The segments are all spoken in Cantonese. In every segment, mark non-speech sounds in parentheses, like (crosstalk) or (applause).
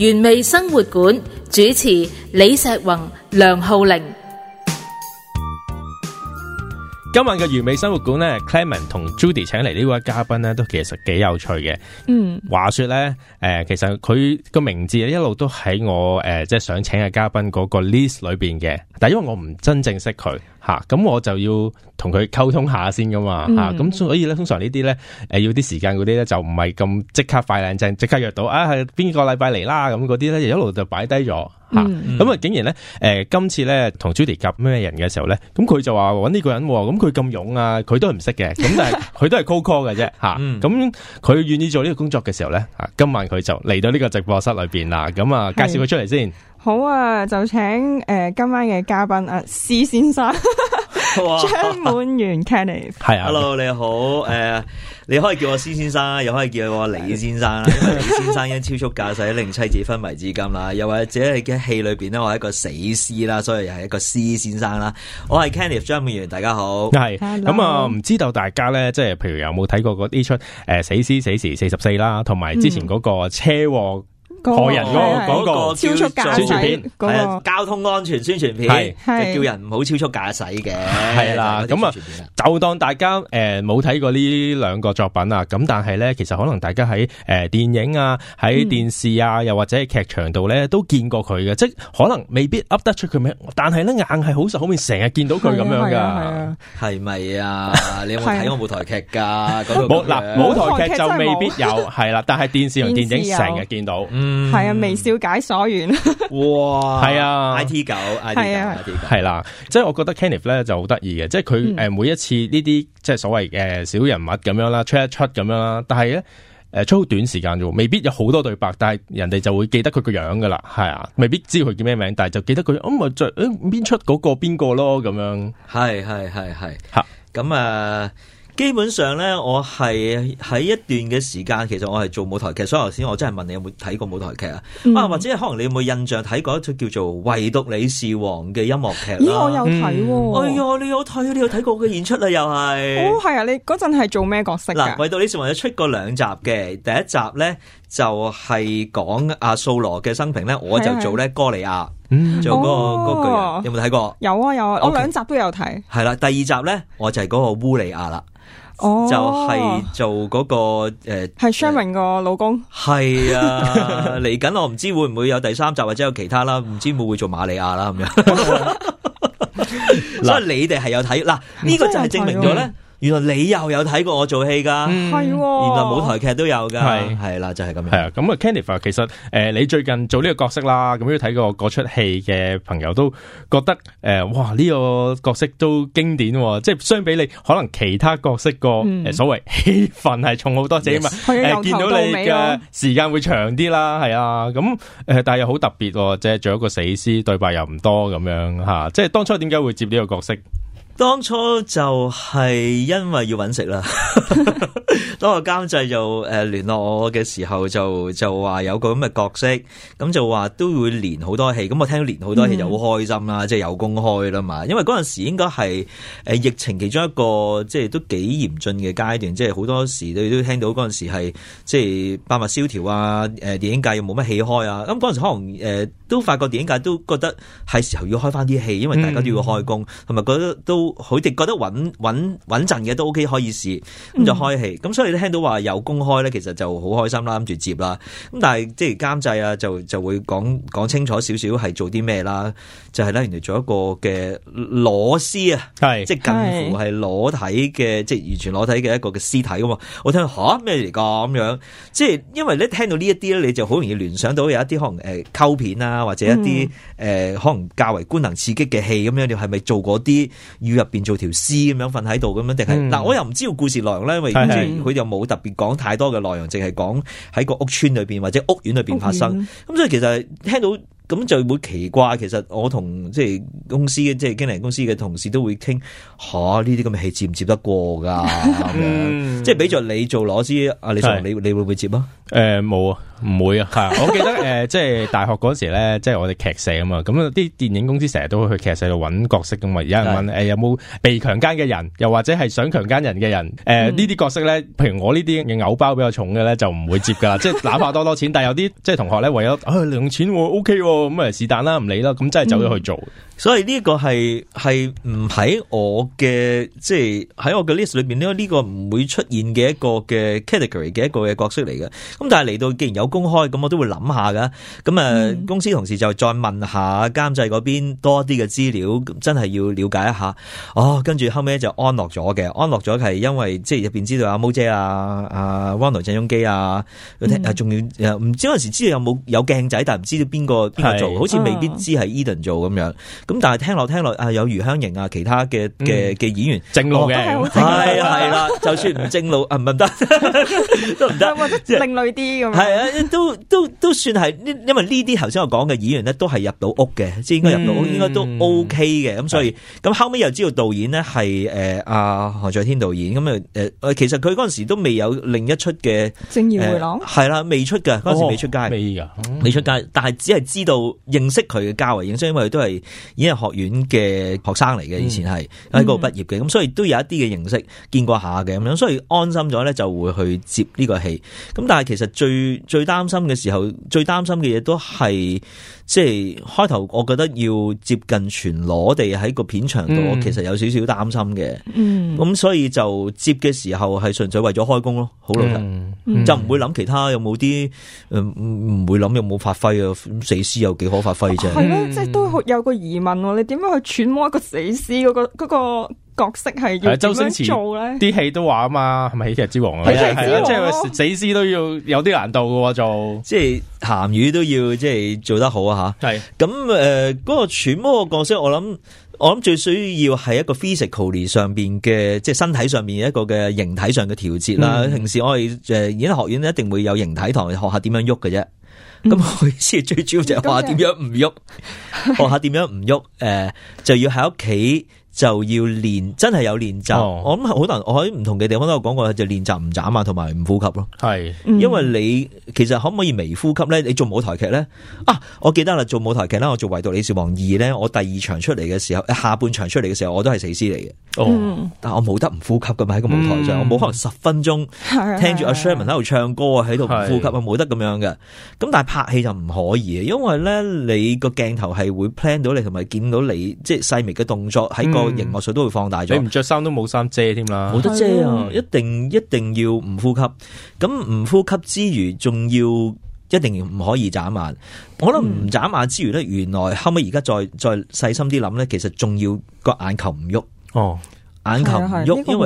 原味生活館主持李石宏、梁浩玲，今晚嘅原味生活館咧，Clement 同 Judy 請嚟呢位嘉賓咧，都其實幾有趣嘅。嗯，話說咧，誒、呃，其實佢個名字一路都喺我誒、呃，即係想請嘅嘉賓嗰個 list 裏邊嘅，但因為我唔真正識佢。吓，咁我就要同佢溝通下先㗎嘛，吓、嗯，咁、啊、所以咧，通常呢啲咧，誒、呃，要啲時間嗰啲咧，就唔係咁即刻快靚正，即刻約到啊，係邊個禮拜嚟啦？咁嗰啲咧，一路就擺低咗，吓、啊，咁啊、嗯嗯嗯，竟然咧，誒、呃，今次咧，同 Judy 夾咩人嘅時候咧，咁佢就話搵呢個人，咁佢咁勇啊，佢都係唔識嘅，咁但係佢都係 Coco 嘅啫，吓、啊，咁佢願意做呢個工作嘅時候咧，吓、啊，今晚佢就嚟到呢個直播室裏邊啦，咁啊，啊，啊，介紹佢出嚟先。 (laughs) 好啊，就請誒今晚嘅嘉賓啊，施先生張滿 (laughs) 哇 源 Kenneth 係 (laughs) h e l l o 你好誒， (laughs) uh, 你可以叫我施先生，又可以叫我李先生，因為李先生因超速駕駛令妻子昏迷至今啦，又或者係嘅戲裏邊咧，我係一個死屍啦，所以又係一個施先生啦。我係 Kenneth 張滿源，大家好，係咁啊，唔、 (music) 嗯嗯嗯、知道大家咧，即係譬如有冇睇過嗰啲出誒、呃、死屍死時四十四啦，同埋之前嗰個車禍。 (music) 害人嗰個嗰個超速駕駛宣傳片，係啊，交通安全宣傳片，係就叫人唔好超速駕駛嘅，係啦，咁啊，就當大家誒冇睇過呢兩個作品啊，咁但係咧，其實可能大家喺誒電影啊，喺電視啊，又或者喺劇場度咧，都見過佢嘅，即係可能未必噏得出佢名，但係咧硬係好實好面成日見到佢咁樣噶，係咪啊？你有冇睇過舞台劇噶？冇嗱，舞台劇就未必有，係啦，但係電視同電影成日見到。係、嗯、啊，微、啊、笑解所願。哇、啊，係啊，IT 狗，係啊，IT 狗，係啦。即係我覺得 Kenneth 咧就好得意嘅，即係佢誒每一次呢啲即係所謂誒小人物咁樣啦，出一出咁樣啦。但係咧誒出好短時間啫，未必有好多對白，但係人哋就會記得佢個樣噶啦。係啊，未必知道佢叫咩名，但係就記得佢。咁咪再邊出嗰個邊個咯，咁樣。係係係係吓，咁啊。基本上咧，我係喺一段嘅時間，其實我係做舞台劇。所以頭先我真係問你有冇睇過舞台劇啊？啊、嗯，或者可能你有冇印象睇過一出叫做《唯獨你是王》嘅音樂劇？咦，我有睇喎！嗯、哎呀，你有睇，你有睇過嘅演出啦，又係哦，係啊！你嗰陣係做咩角色？嗱、啊，《唯獨你是王》有出過兩集嘅，第一集咧就係、是、講阿素羅嘅生平咧，我就做咧是哥利亞，做嗰嗰句，有冇睇過有、啊？有啊有啊，我兩集都有睇。係啦 Okay.，第二集咧，我就係嗰個烏利亞啦。哦、就係做嗰、那個誒，係、呃、Sharon 個老公，係、呃、啊，嚟緊 (laughs) 我唔知會唔會有第三集或者有其他啦，唔知會唔會做瑪利亞啦咁樣、 (laughs) 嗯， (laughs) 所以你哋係有睇嗱，呢、 (laughs) 嗯啊、個就係證明咗咧。原來你又有睇過我做戲噶，係，是哦、原來舞台劇都有噶，係是，係啦，就係、是、咁樣。係啊，咁啊，Candice，其實誒、呃，你最近做呢個角色啦，咁有睇過嗰出戲嘅朋友都覺得誒、呃，哇，呢、這個角色都經典、啊，即係相比你可能其他角色個、嗯呃、所謂戲份係重好多只嘛，誒，見到你嘅時間會長啲啦，係、嗯呃、啊，咁誒，但係又好特別，即係做一個死屍，對白又唔多咁樣吓、啊，即係當初點解會接呢個角色？當初就係因為要揾食啦。 (laughs) 當個監製就誒聯絡我嘅時候就，就就話有個咁嘅角色，咁就話都會連好多戲。咁我聽到連好多戲就好開心啦，即係、嗯、有工開啦嘛。因為嗰陣時應該係疫情其中一個即係、就是、都幾嚴峻嘅階段，即係好多時你都聽到嗰陣時係即係百物蕭條啊，誒電影界又冇乜戲開啊。咁嗰陣時可能誒，呃都發覺電影界都覺得係時候要開翻啲戲，因為大家都要開工，同埋、嗯、覺得都佢哋覺得穩穩穩陣嘅都 O K 可以試就開戲。咁、嗯、所以咧聽到話有公開咧，其實就好開心啦，諗住接啦。咁但係即係監製啊，就就會講講清楚少少係做啲咩啦。就係咧，原來做一個嘅裸屍啊，是即係近乎係裸體嘅，是即係完全裸體嘅一個嘅屍體噶嘛。我聽吓咩嚟噶咁樣？即係因為咧聽到呢一啲咧，你就好容易聯想到有一啲可能誒溝片啊。或者一啲誒、嗯呃，可能較為官能刺激嘅戲咁樣，你係咪做嗰啲？要入邊做條屍咁樣瞓喺度咁樣，定係、嗯？嗱、呃，我又唔知道故事內容咧，因為佢又冇特別講太多嘅內容，淨係講喺個屋村裏邊或者屋苑裏邊發生。咁苑所以其實聽到。咁就會奇怪，其實我同即係公司嘅即係經理公司嘅同事都會傾吓呢啲咁嘅戲受受接唔接得過㗎？即係俾咗你做攞資，阿對、啊、你你，你會唔、呃、會接啊？誒冇啊，唔會啊，我記得誒，即、呃、係、就是、大學嗰時咧，即、就、係、是、我哋劇社啊嘛。咁啲電影公司成日都會去劇社度揾角色㗎嘛。而家問誒是、呃、有冇被強姦嘅人，又或者係想強姦人嘅人？誒呢啲角色咧，譬如我呢啲嘅偶包比較重嘅咧，就唔會接㗎喇。即係哪怕多多錢，但係有啲即係同學咧，為咗啊零錢 OK 喎。Okay (laughs) 咁咪是但啦，唔理啦，咁真係走咗去做。所以呢個係係唔喺我嘅，即係喺我嘅 list 裏邊呢呢個唔會出現嘅一個嘅 category 嘅一個嘅角色嚟嘅。咁但係嚟到既然有公開，咁我都會諗下噶。咁啊，嗯、公司同事就再問下監製嗰邊多啲嘅資料，真係要了解一下。哦，跟住後尾就安落咗嘅，安落咗係因為即係入邊知道阿毛姐啊、阿 One 奴鄭中基啊，仲、啊嗯、要唔知嗰陣時知道有冇有鏡仔，但係唔知道邊個是做好似未必知係 Eden 做咁樣，咁但係聽落聽落啊，有余香凝啊，其他嘅嘅嘅演員、嗯、正路嘅，係係啦，就算唔正路 (laughs) 啊唔唔得，都唔得，即係 (laughs) 另類啲咁樣。係啊，都都都算係，因為呢啲頭先我講嘅演員咧，都係入到屋嘅，即係、嗯、應該入到屋，應該都 OK 嘅。咁所以咁、嗯、後尾又知道導演咧係誒阿何爵天導演，咁啊誒，其實佢嗰陣時都未有另一出嘅正義回廊，係啦、呃，未出嘅，嗰陣時未出街，未、哦、未出街，但係只係知道。認識佢嘅交往，因為佢都係演藝學院嘅學生嚟嘅，以前係喺嗰度畢業嘅，咁所以都有一啲嘅認識，見過下嘅咁樣，所以安心咗呢就會去接呢個戲。咁但係其實最最擔心嘅時候，最擔心嘅嘢都係。即係開頭，我覺得要接近全裸地喺個片場度，我、嗯、其實有少少擔心嘅。咁、嗯、所以就接嘅時候係純粹為咗開工咯，好老實，嗯、就唔會諗其他有冇啲唔唔會諗有冇發揮啊？死屍有幾可發揮啫？係咯，即係都有個疑問，你點樣去揣摩一個死屍嗰個嗰個，嗰個角色係要點樣做咧？周星馳啲戲都話啊嘛，係咪喜劇之王啊？喜劇即係死屍都要有啲難度嘅喎，做即係鹹魚都要即係做得好啊！吓是，係咁誒，嗰、呃嗰個全魔嘅角色，我諗我諗最需要係一個 physically 上邊嘅，即係身體上邊一個嘅形體上嘅調節啦。嗯、平時我哋誒演藝學院一定會有形體堂，學下點樣喐嘅啫。咁佢先最主要就係話點樣唔喐，學下點樣唔喐。誒、 (laughs) 呃，就要喺屋企。就要練，真係有練習。Oh. 我諗好多人，我喺唔同嘅地方都有講過，就練習唔眨啊，同埋唔呼吸咯、啊。係是，因為你其實可唔可以微呼吸咧？你做舞台劇咧啊！我記得啦，做舞台劇啦，我做《唯獨李小王二》咧，我第二場出嚟嘅時候，下半場出嚟嘅時候，我都係死屍嚟嘅。哦，oh. 但我冇得唔呼吸噶嘛？喺個舞台上，mm. 我冇可能十分鐘聽住阿 Sherman 喺度唱歌啊，喺度唔呼吸啊，冇的得咁樣嘅。咁但係拍戲就唔可以，因為咧你個鏡頭係會 plan 到你，同埋見到你即係細微嘅動作喺個螢幕水都會放大咗，你唔着衫都冇衫遮添啦，冇得遮啊！一定一定要唔呼吸，咁唔呼吸之餘，仲要一定要唔可以眨眼。嗯、我諗唔眨眼之餘咧，原來後尾而家再再細心啲諗咧，其實仲要個眼球唔喐哦，眼球喐、啊啊、因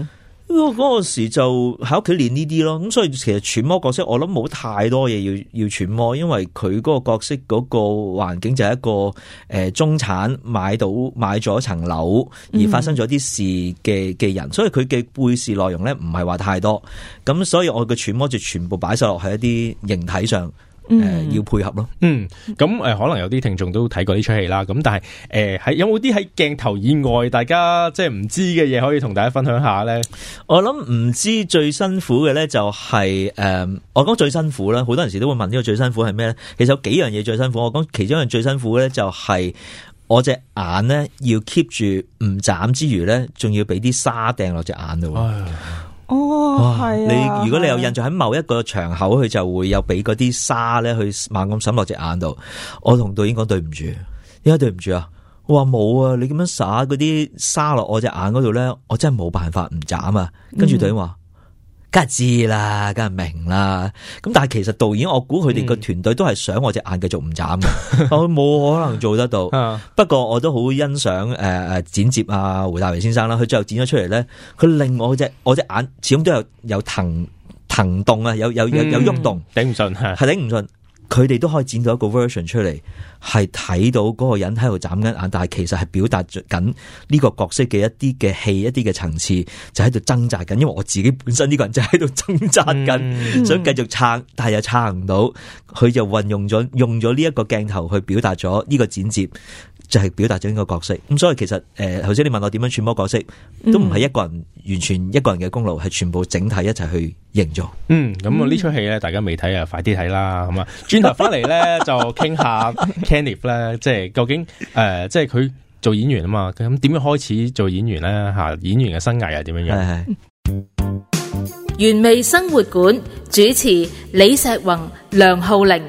為。.嗰嗰時就喺屋企練呢啲咯，咁所以其實揣摩角色我諗冇太多嘢要要揣摩，因為佢嗰個角色嗰個環境就係一個誒、呃、中產買到買咗一層樓而發生咗啲事嘅嘅人，所以佢嘅背事內容咧唔係話太多，咁所以我嘅揣摩就全部擺晒落喺一啲形體上。誒、呃，要配合咯。嗯，咁誒、呃，可能有啲聽眾都睇過呢出戲啦。咁但係誒，喺、呃、有冇啲喺鏡頭以外，大家即係唔知嘅嘢，可以同大家分享下咧？我諗唔知最辛苦嘅咧，就係、是、誒、呃，我講最辛苦啦。好多人時都會問呢個最辛苦係咩咧？其實有幾樣嘢最辛苦。我講其中一樣最辛苦咧，就係我隻眼咧要 keep 住唔眨之馀咧，仲要俾啲沙掟落隻眼度。哦，係你如果你有印象喺、嗯啊、某一個場口，佢就會有俾啲沙咧，去猛咁沈落隻眼度。我同導演講，對唔住。點解對唔住啊？我話冇啊！你咁樣撒啲沙落我隻眼度咧，我真係冇辦法唔眨啊！跟住導演話。嗯梗係知啦，梗係明啦。咁但係其實導演，我估佢哋個團隊都係想我隻眼繼續唔眨嘅，我冇、 (laughs) 哦、可能做得到。 (laughs) 不過我都好欣賞誒誒剪接啊，胡大為先生啦，佢最後剪咗出嚟咧，佢令我隻我隻眼始終都有有騰騰動啊，有有有有喐動，頂唔順吓，係頂唔順。佢哋都可以剪到一個 version 出嚟，係睇到嗰個人喺度眨緊眼，但係其實係表達緊呢個角色嘅一啲嘅戲、一啲嘅層次，就喺度掙扎緊。因為我自己本身呢個人就喺度掙扎緊，想繼續撐，但係又撐唔到。佢就運用咗用咗呢一個鏡頭去表達咗呢個剪接。就係表達咗呢個角色，咁、嗯、所以其實誒、頭、呃、先你問我點樣揣摩角色，都唔係一個人完全一個人嘅功勞，係全部整體一齊去營造嗯。嗯，咁啊、嗯，呢齣戲咧，大家未睇啊，快啲睇啦，咁啊，轉頭翻嚟咧就傾下 Kenneth 咧，即係究竟誒，即係佢做演員啊嘛，咁點樣開始做演員咧？吓，演員嘅生涯係點樣樣？原味生活館主持李石宏、梁浩玲。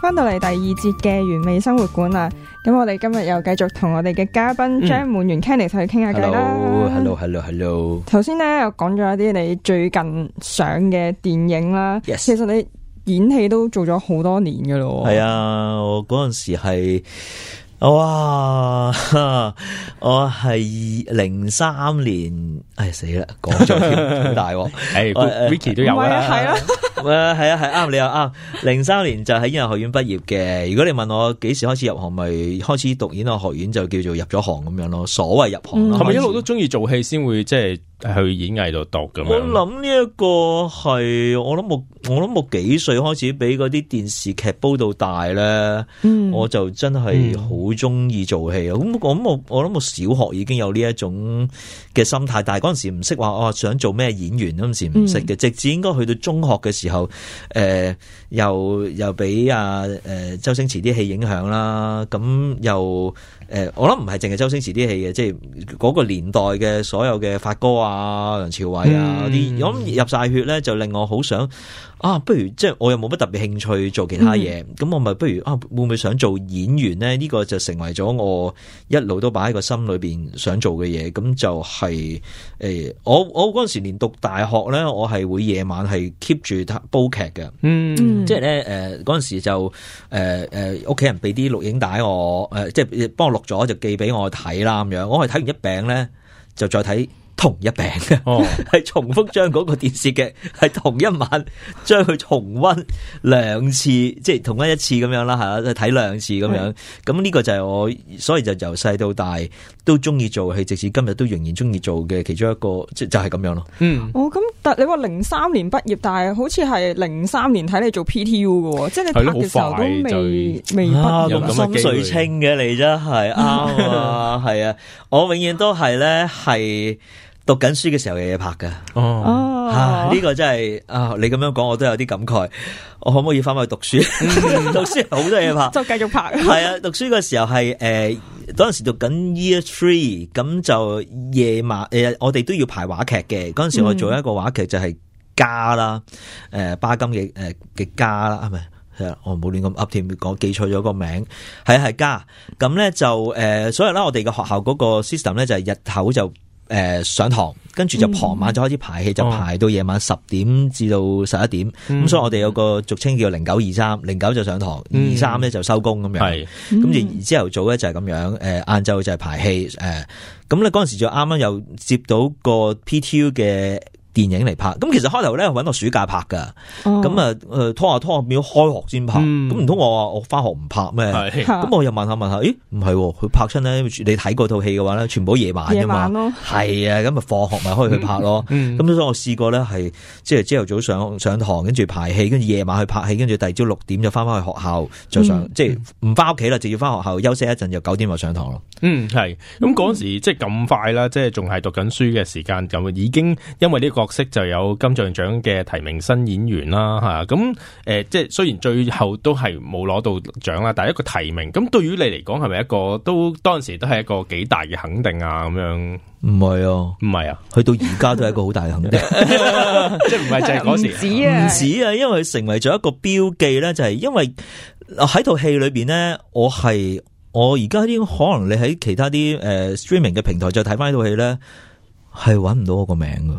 翻到嚟第二節嘅完美生活館啦，咁我哋今日又繼續同我哋嘅嘉賓張滿、嗯、源 Kenny 去同佢傾下偈啦。Hello，Hello，Hello，Hello。頭先咧，又講咗一啲你最近上嘅電影啦。Yes，其實你演戲都做咗好多年噶咯。係啊，我嗰陣時係。哇！我係零三年，唉，死啦，講咗添大喎。哎，Vicky 都有啦，係啊，誒係啊係啱，你又啱。零、啊、三年就喺演藝學院畢業嘅。如果你問我幾時開始入行，咪、就是、開始讀演藝學院就叫做入咗行咁樣咯。所謂入行係咪一路都中意做戲先會即係？就是去演藝度讀咁樣。我諗呢一個係我諗我我諗我幾歲開始俾嗰啲電視劇煲到大咧？嗯、我就真係好鍾意做戲啊！咁、嗯、我諗我我諗我小學已經有呢一種嘅心態，但係嗰陣時唔識話我想做咩演員，嗰陣時唔識嘅。嗯、直至應該去到中學嘅時候，誒、呃、又又俾阿誒周星馳啲戲影響啦，咁、啊、又。誒，我諗唔係淨係周星馳啲戲嘅，即係嗰個年代嘅所有嘅發哥啊、梁朝偉啊嗰啲，咁、嗯、入晒血咧，就令我好想啊，不如即係我又冇乜特別興趣做其他嘢，咁、嗯、我咪不如啊，會唔會想做演員咧？呢、這個就成為咗我一路都擺喺個心裏邊想做嘅嘢，咁就係、是、誒、欸，我我嗰陣時連讀大學咧，我係會夜晚係 keep 住煲劇嘅，即係咧誒，嗰陣時就誒誒，屋企人俾啲錄影帶我，誒，即係幫我錄。咗就寄俾我睇啦咁樣，我係睇完一餅咧，就再睇同一餅嘅，係 (laughs) (laughs) 重複將嗰個電視劇係同一晚將佢重溫兩次，即係重溫一次咁樣啦吓，睇兩次咁樣，咁呢是個就係我，所以就由細到大。都中意做，係直至今日都仍然中意做嘅其中一個，即就係、是、咁樣咯。嗯，我咁、哦，但你話零三年畢業，但係好似係零三年睇你做 PTU 嘅，即係你拍嘅時候都未未拍心水清嘅，你真係啊，係 (laughs) 啊，我永遠都係咧係讀緊書嘅時候有嘢拍噶。哦，呢、啊啊這個真係啊，你咁樣講我都有啲感慨，我可唔可以翻去讀書？ (laughs) 讀書好多嘢拍， (laughs) 就繼續拍。係啊，讀書嘅時候係誒。呃 (laughs) 嗰陣時讀緊 year three，咁就夜晚誒、呃，我哋都要排話劇嘅。嗰陣時我做一個話劇就係家啦，誒、呃、巴金嘅誒嘅家啦，係咪？係啦，我冇亂咁 up 添講記錯咗個名，係係家。咁咧就誒、呃，所以咧我哋嘅學校嗰個 system 咧就係日頭就，誒、呃、上堂，跟住就傍晚就開始排戲，嗯、就排到夜晚十點至到十一點。咁、嗯、所以我哋有個俗稱叫零九二三，零九就上堂，二三咧就收工咁樣。咁、嗯、然之後早咧就係咁樣，誒晏晝就係排戲。誒咁咧嗰陣時就啱啱又接到個 PTU 嘅。電影嚟拍，咁其實開頭咧揾個暑假拍噶，咁啊誒拖下拖下變咗開學先拍，咁唔通我話我翻學唔拍咩？咁我又問下問下，咦？唔係佢拍親咧，你睇嗰套戲嘅話咧，全部都夜晚啊嘛，係啊，咁啊放學咪可以去拍咯。咁所以我試過咧係，即係朝頭早上上堂，跟住排戲，跟住夜晚去拍戲，跟住第二朝六點就翻翻去學校再上，即係唔翻屋企啦，直接翻學校休息一陣，就九點就上堂咯。嗯，係，咁嗰時即係咁快啦，即係仲係讀緊書嘅時間，咁已經因為呢個。角色就有金像獎嘅提名新演員啦，吓咁誒，即係、呃、雖然最後都係冇攞到獎啦，但係一個提名，咁對於你嚟講係咪一個都當時都係一個幾大嘅肯定啊？咁樣唔係啊，唔係啊，去到而家都係一個好大嘅肯定， (laughs) (laughs) 即係唔係就係嗰時唔 (laughs) 止啊， (laughs) 因為成為咗一個標記咧，就係、是、因為喺套戲裏邊咧，我係我而家啲可能你喺其他啲誒、呃、streaming 嘅平台再睇翻呢套戲咧，係揾唔到我個名噶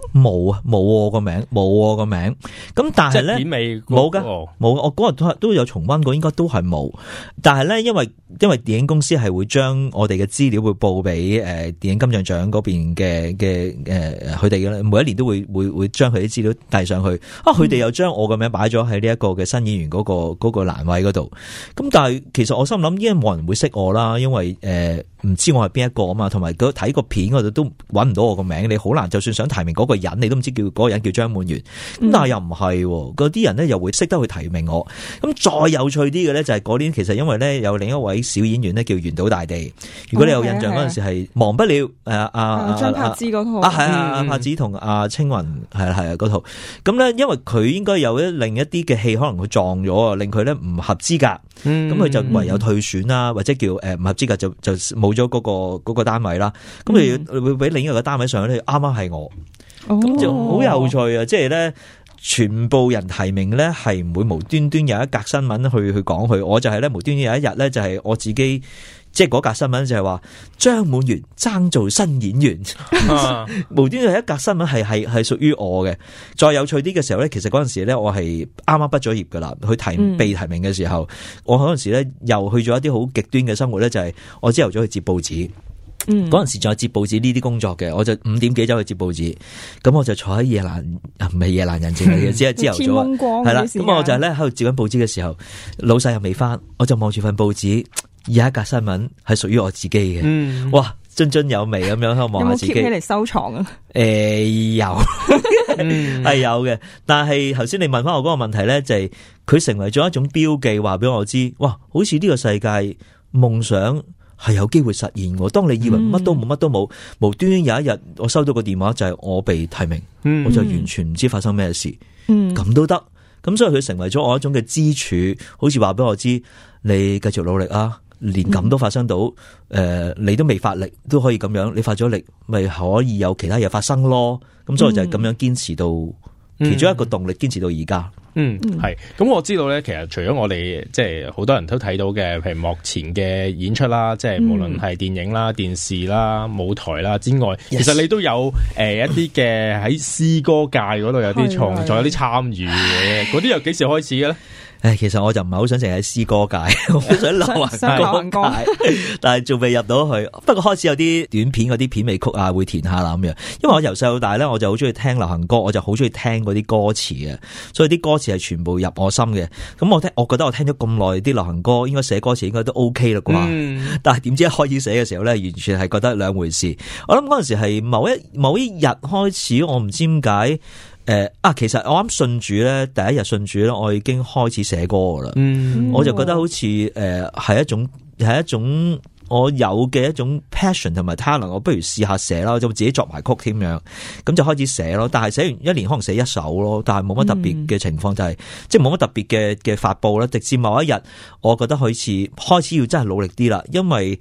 冇啊，冇我個名，冇我個名。咁但係咧，冇噶，冇。我嗰日都都有重溫過，應該都係冇。但係咧，因為因為電影公司係會將我哋嘅資料會報俾誒、呃、電影金像獎嗰邊嘅嘅誒佢哋嘅啦。呃、每一年都會會會將佢啲資料遞上去。啊，佢哋、啊、又將我名個名擺咗喺呢一個嘅新演員嗰、嗰個嗰、嗰個欄位嗰度。咁但係其實我心諗，應該冇人會識我啦，因為誒唔、呃、知我係邊一個啊嘛。同埋佢睇個片嗰度都揾唔到我個名，你好難，難。就算想提名嗰個。人你都唔知叫嗰、那個人叫張滿源咁，但係又唔係嗰啲人咧，又會識得去提名我。咁再有趣啲嘅咧，就係嗰年其實因為咧有另一位小演員咧叫原島大地。如果你有印象嗰陣時係忘不了誒阿阿柏芝嗰套啊係啊阿柏芝同阿青雲係係啊嗰套。咁、啊、咧、啊啊啊嗯嗯嗯、因為佢應該有一另一啲嘅戲可能佢撞咗啊，令佢咧唔合資格。咁佢、嗯嗯、就唯有退選啦，或者叫誒唔合資格就就冇咗嗰個嗰、那個單位啦。咁佢會俾另一個單位上去咧，啱啱係我。嗯嗯。咁、oh. 就好有趣啊！即係咧，全部人提名咧係唔會無端端有一格新聞去去講佢。我就係咧無端端有一日咧就係我自己，即係嗰格新聞就係話張滿源爭，爭做新演員。 (laughs) (laughs) (laughs) 無端端有一格新聞，係係係屬於我嘅。再有趣啲嘅時候咧，其實嗰陣時咧我係啱啱畢咗業噶啦，去提被提名嘅時候，mm. 我嗰陣時咧又去咗一啲好極端嘅生活咧，就係、是、我朝頭早去接報紙。嗰陣、嗯、時再接報紙呢啲工作嘅，我就五點幾走去接報紙，咁我就坐喺夜闌，唔係夜闌人靜嘅，只係朝頭早係啦。咁我就咧喺度接緊報紙嘅時候，老細又未返，我就望住份報紙，而家一格新聞係屬於我自己嘅。嗯、哇，津津有味咁樣去望我看看自己嚟 (laughs) 收藏啊。誒， (laughs) (laughs) 有係有嘅，但係頭先你問返我嗰個問題咧，就係、是、佢成為咗一種標記，話俾我知，哇，好似呢個世界夢想。係有機會實現。我當你以為乜都冇，乜、嗯、都冇，無端端有一日我收到個電話，就係、是、我被提名，嗯、我就完全唔知發生咩事。咁都得，咁所以佢成為咗我一種嘅支柱，好似話俾我知，你繼續努力啊，連咁都發生到，誒、嗯呃，你都未發力都可以咁樣，你發咗力咪可以有其他嘢發生咯。咁所以就係咁樣堅持到。嗯嗯其中一個動力堅持到而家，嗯，係、嗯，咁我知道咧，其實除咗我哋即係好多人都睇到嘅，譬如目前嘅演出啦，即係無論係電影啦、電視啦、舞台啦之外，嗯、其實你都有誒、呃、一啲嘅喺詩歌界嗰度有啲創作、的仲有啲參與嘅，嗰啲又幾時開始嘅咧？ (laughs) 誒，其實我就唔係好想成日喺詩歌界，好想， (laughs) 想流行歌，行界 (laughs) 但係仲未入到去。不過開始有啲短片嗰啲片尾曲啊，會填下喇咁樣。因為我由細到大咧，我就好中意聽流行歌，我就好中意聽嗰啲歌詞啊。所以啲歌詞係全部入我心嘅。咁我聽，我覺得我聽咗咁耐，啲流行歌應該寫歌詞應該都 OK 啦啩。Mm. 但係點知一開始寫嘅時候咧，完全係覺得兩回事。我諗嗰陣時係某一某一日開始，我唔知點解。誒啊，其實我啱信主咧，第一日信主咧，我已經開始寫歌噶啦。嗯，我就覺得好似誒係一種係、嗯、一,一種我有嘅一種 passion 同埋 talent，我不如試下寫啦，我就自己作埋曲添樣。咁就開始寫咯，但係寫完一年可能寫一首咯，但係冇乜特別嘅情況，嗯、就係即係冇乜特別嘅嘅發布啦。直至某一日，我覺得好似開始要真係努力啲啦，因為。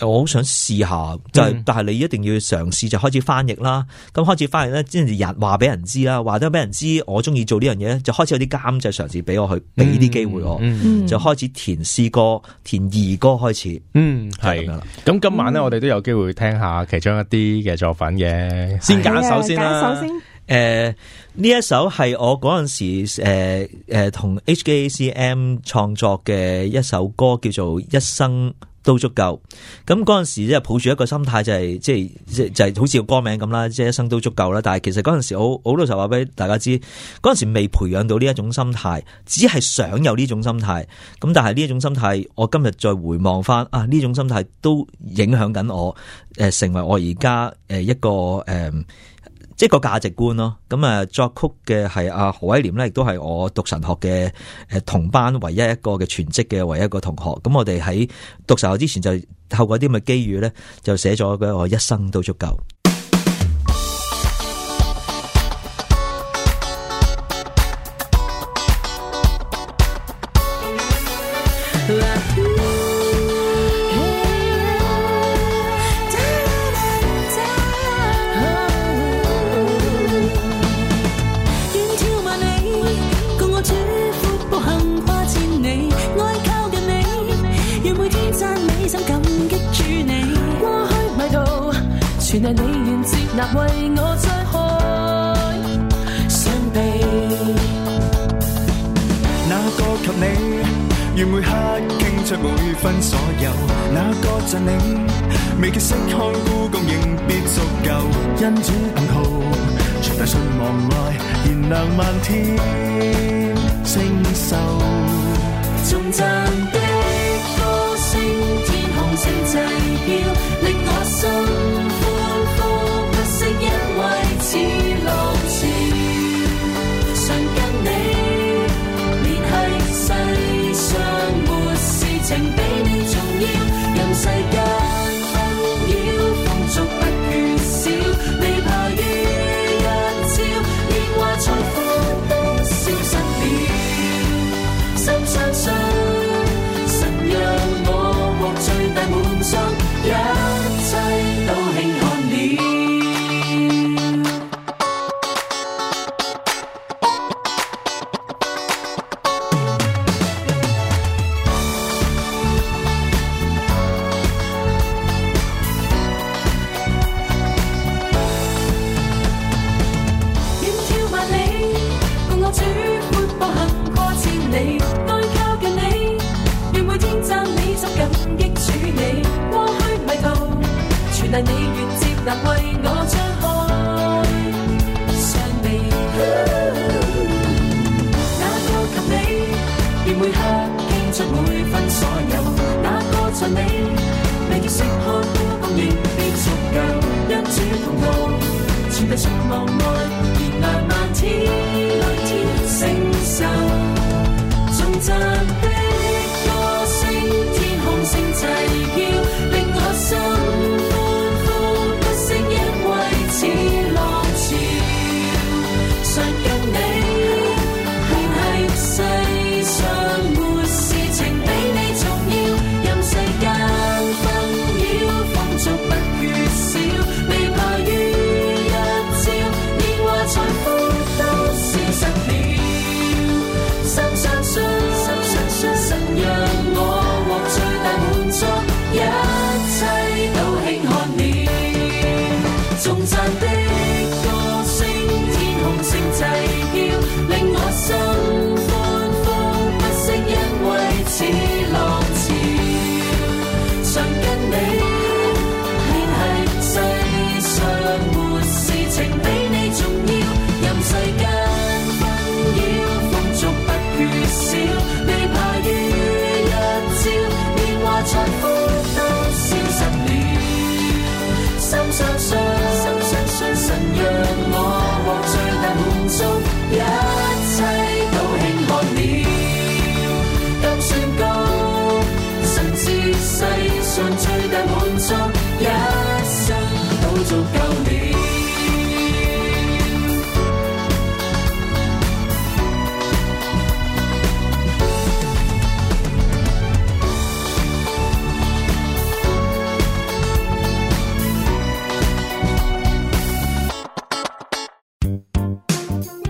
我好想試下，就係、但係你一定要嘗試，就開始翻譯啦，咁、嗯、開始翻譯咧，先日話俾人知啦，話咗俾人知我中意做呢樣嘢咧，就開始有啲監製嘗試俾我去，俾啲機會我，嗯、就開始填詩歌、嗯、填兒歌開始。嗯，係咁啦。咁今晚咧，我哋都有機會聽下其中一啲嘅作品嘅，嗯、先揀首先啦。誒，呢一首係、呃、我嗰陣時誒誒、呃呃、同 HKACM 創作嘅一首歌，叫做《一生》。都足夠，咁嗰陣時即係抱住一個心態就係即係即係就是就是就是、好似個歌名咁啦，即係一生都足夠啦。但係其實嗰陣時我好老實話俾大家知，嗰陣時未培養到呢一種心態，只係想有呢種心態。咁但係呢一種心態，我今日再回望翻啊，呢種心態都影響緊我誒，成為我而家誒一個誒。嗯即係個價值觀咯，咁啊作曲嘅係阿何威廉咧，亦都係我讀神學嘅誒同班唯一一個嘅全職嘅唯一一個同學。咁我哋喺讀神學之前就透過啲咁嘅機遇咧，就寫咗俾我一生都足夠。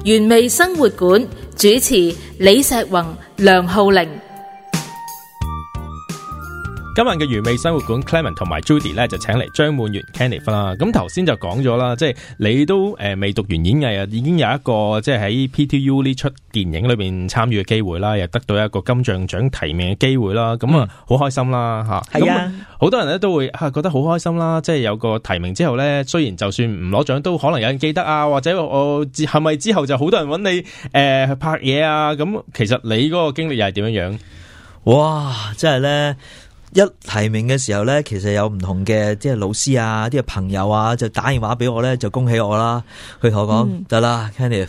原味生活館主持李錫宏、梁浩玲。今日嘅完美生活館 Clement 同埋 Judy 咧就請嚟張滿源 Candy 芬啦。咁頭先就講咗啦，即係你都誒未讀完演藝啊，已經有一個即係喺 PTU 呢出電影裏面參與嘅機會啦，又得到一個金像獎提名嘅機會啦。咁啊、嗯，好開心啦吓。咁、啊，好多人咧都會吓覺得好開心啦。即係有個提名之後咧，雖然就算唔攞獎，都可能有人記得啊，或者我係咪之後就好多人揾你誒、呃、去拍嘢啊？咁其實你嗰個經歷又係點樣樣？哇，即係咧～一提名嘅時候呢，其實有唔同嘅即係老師啊，啲朋友啊，就打電話俾我呢，就恭喜我啦。佢同我講得啦，Kenny，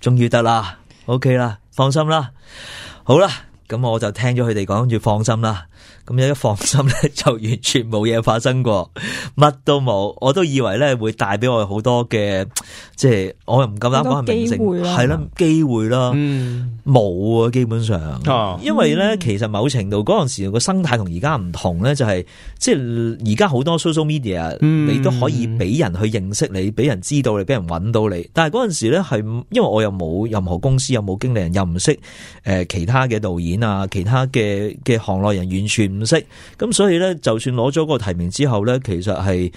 終於得啦，OK 啦，放心啦。好啦，咁我就聽咗佢哋講，跟住放心啦。咁一放心呢， (laughs) 就完全冇嘢發生過，乜都冇。我都以為呢會帶俾我好多嘅。即係我又唔夠膽講明星，係啦機會啦、啊，冇啊，啊、嗯、啊基本上，因為咧其實某程度嗰陣時個生態同而家唔同咧，就係、是、即係而家好多 social media，、嗯、你都可以俾人去認識你，俾人知道你，俾人搵到你。但係嗰陣時咧係，因為我又冇任何公司，又冇經理人，又唔識誒其他嘅導演啊，其他嘅嘅行內人完全唔識，咁所以咧就算攞咗個提名之後咧，其實係。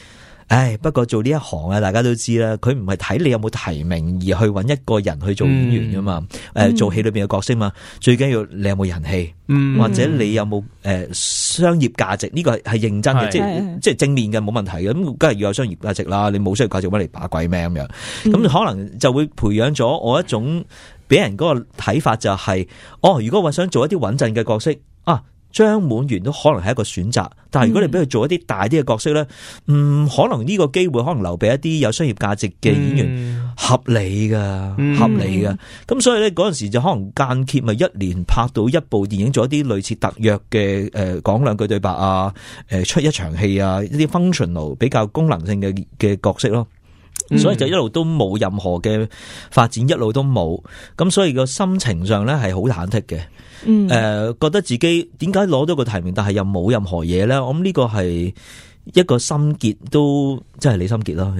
唉，不過做呢一行啊，大家都知啦，佢唔係睇你有冇提名而去揾一個人去做演員噶嘛，誒、嗯呃，做戲裏邊嘅角色嘛，最緊要你有冇人氣，嗯、或者你有冇誒、呃、商業價值，呢個係係認真嘅，是即係是即係正面嘅冇問題嘅，咁梗係要有商業價值啦，你冇商業價值乜嚟把鬼咩咁樣，咁、嗯嗯、可能就會培養咗我一種俾人嗰個睇法就係、是，哦，如果我想做一啲穩陣嘅角色。張滿源都可能係一個選擇，但係如果你俾佢做一啲大啲嘅角色咧，嗯，嗯，可能呢個機會可能留俾一啲有商業價值嘅演員合理噶，嗯、合理噶，咁、嗯、所以咧嗰陣時就可能間歇咪一年拍到一部電影，做一啲類似特約嘅誒講兩句對白啊，誒出一場戲啊，一啲 functional 比較功能性嘅嘅角色咯。所以就一路都冇任何嘅發展，一路都冇，咁所以個心情上咧係好忐忑嘅。誒、嗯呃，覺得自己點解攞到個提名，但係又冇任何嘢咧？我諗呢個係。一個心結都真係你心結咯。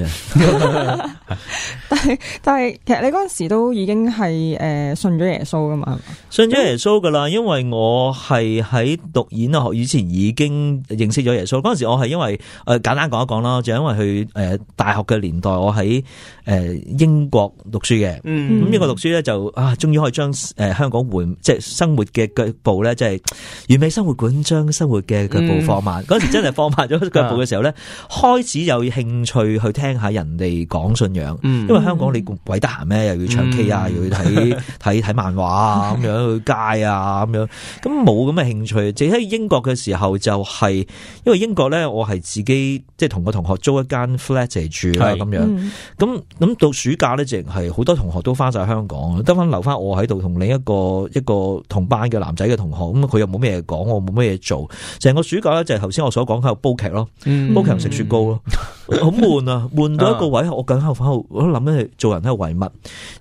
但係但係其實你嗰陣時都已經係誒、呃、信咗耶穌噶嘛，信咗耶穌噶啦，因為我係喺讀演學以前已經認識咗耶穌。嗰陣時我係因為誒、呃、簡單講一講啦，就因為去誒、呃、大學嘅年代我，我喺誒英國讀書嘅。咁英國讀書咧，就啊，終於可以將誒香港回——即、呃、係生活嘅腳步咧，即、就、係、是、完美生活館，將生活嘅腳步放慢。嗰時真係放慢咗腳步。 (laughs) (laughs) 嘅時候咧，開始有興趣去聽下人哋講信仰，嗯、因為香港你鬼得閒咩？又要唱 K 啊，又要睇睇睇漫畫啊，咁樣去街啊，咁樣，咁冇咁嘅興趣。淨喺英國嘅時候就係、是，因為英國咧，我係自己即係同個同學租一間 flat 住啦，咁是樣。咁咁、嗯、到暑假咧，淨係好多同學都翻晒香港，得翻留翻我喺度同另一個一個同班嘅男仔嘅同學。咁佢又冇咩嘢講，我冇咩嘢做。成個暑假咧，就係頭先我所講喺度煲劇咯。屋企、嗯、人食雪糕咯，好悶 (laughs) 啊，悶到一個位，我咁樣反好，我諗緊係做人喺度唯物，誒、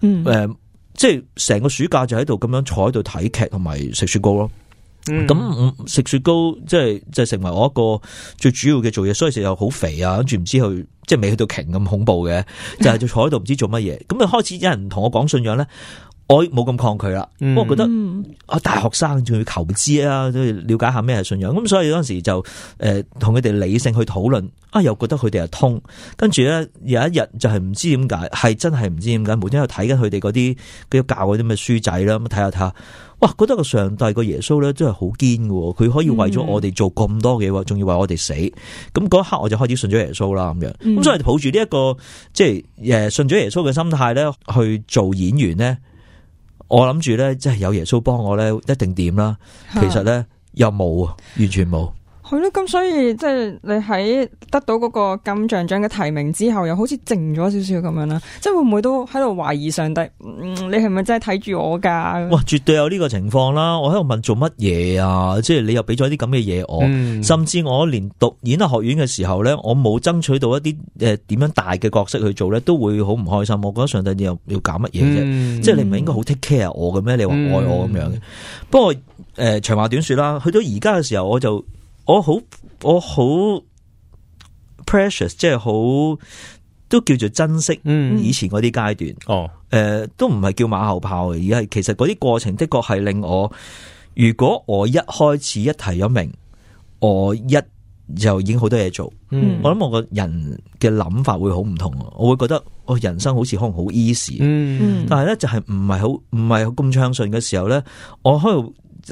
嗯呃，即係成個暑假就喺度咁樣坐喺度睇劇同埋食雪糕咯。咁食雪糕即係就成為我一個最主要嘅做嘢，所以成日好肥啊，跟住唔知佢，即係未去到鯨咁恐怖嘅，就係、就、坐喺度唔知做乜嘢。咁啊開始有人同我講信仰咧。我冇咁抗拒啦，不過、嗯、覺得啊，嗯、大學生仲要求知啦、啊，都要了解下咩係信仰。咁所以嗰陣時就誒同佢哋理性去討論，啊又覺得佢哋係通，跟住咧有一日就係唔知點解，係真係唔知點解，每天端睇緊佢哋嗰啲，佢教嗰啲咩書仔啦，咁睇下睇下，哇覺得個上帝個耶穌咧真係好堅嘅，佢可以為咗我哋做咁多嘢，仲要為我哋死。咁嗰一刻我就開始信咗耶穌啦，咁樣，咁所以抱住呢一個即係誒信咗耶穌嘅心態咧去做演員咧。我諗住咧，即係有耶穌幫我咧，一定點啦。其實咧，又冇啊，完全冇。係咯，咁、嗯、所以即係你喺得到嗰個金像獎嘅提名之後，又好似靜咗少少咁樣啦。即係會唔會都喺度懷疑上帝？嗯、你係咪真係睇住我噶？哇，絕對有呢個情況啦！我喺度問做乜嘢啊？即係你又俾咗啲咁嘅嘢我，嗯、甚至我連讀演藝學院嘅時候咧，我冇爭取到一啲誒點樣大嘅角色去做咧，都會好唔開心。我覺得上帝你又要搞乜嘢啫？嗯、即係你唔係應該好 take care 我嘅咩？你話愛我咁樣。嗯、不過誒、呃，長話短說啦，去到而家嘅時候，我就。我好，我好 precious，即係好都叫做珍惜。嗯，以前嗰啲階段，嗯，哦，誒、呃，都唔係叫馬後炮，而係其實嗰啲過程的確係令我，如果我一開始一提咗名，我一就已經好多嘢做，嗯、我諗我個人嘅諗法會好唔同，我會覺得我人生好似可能好 easy。嗯嗯、但係咧就係唔係好，唔係咁暢順嘅時候咧，我可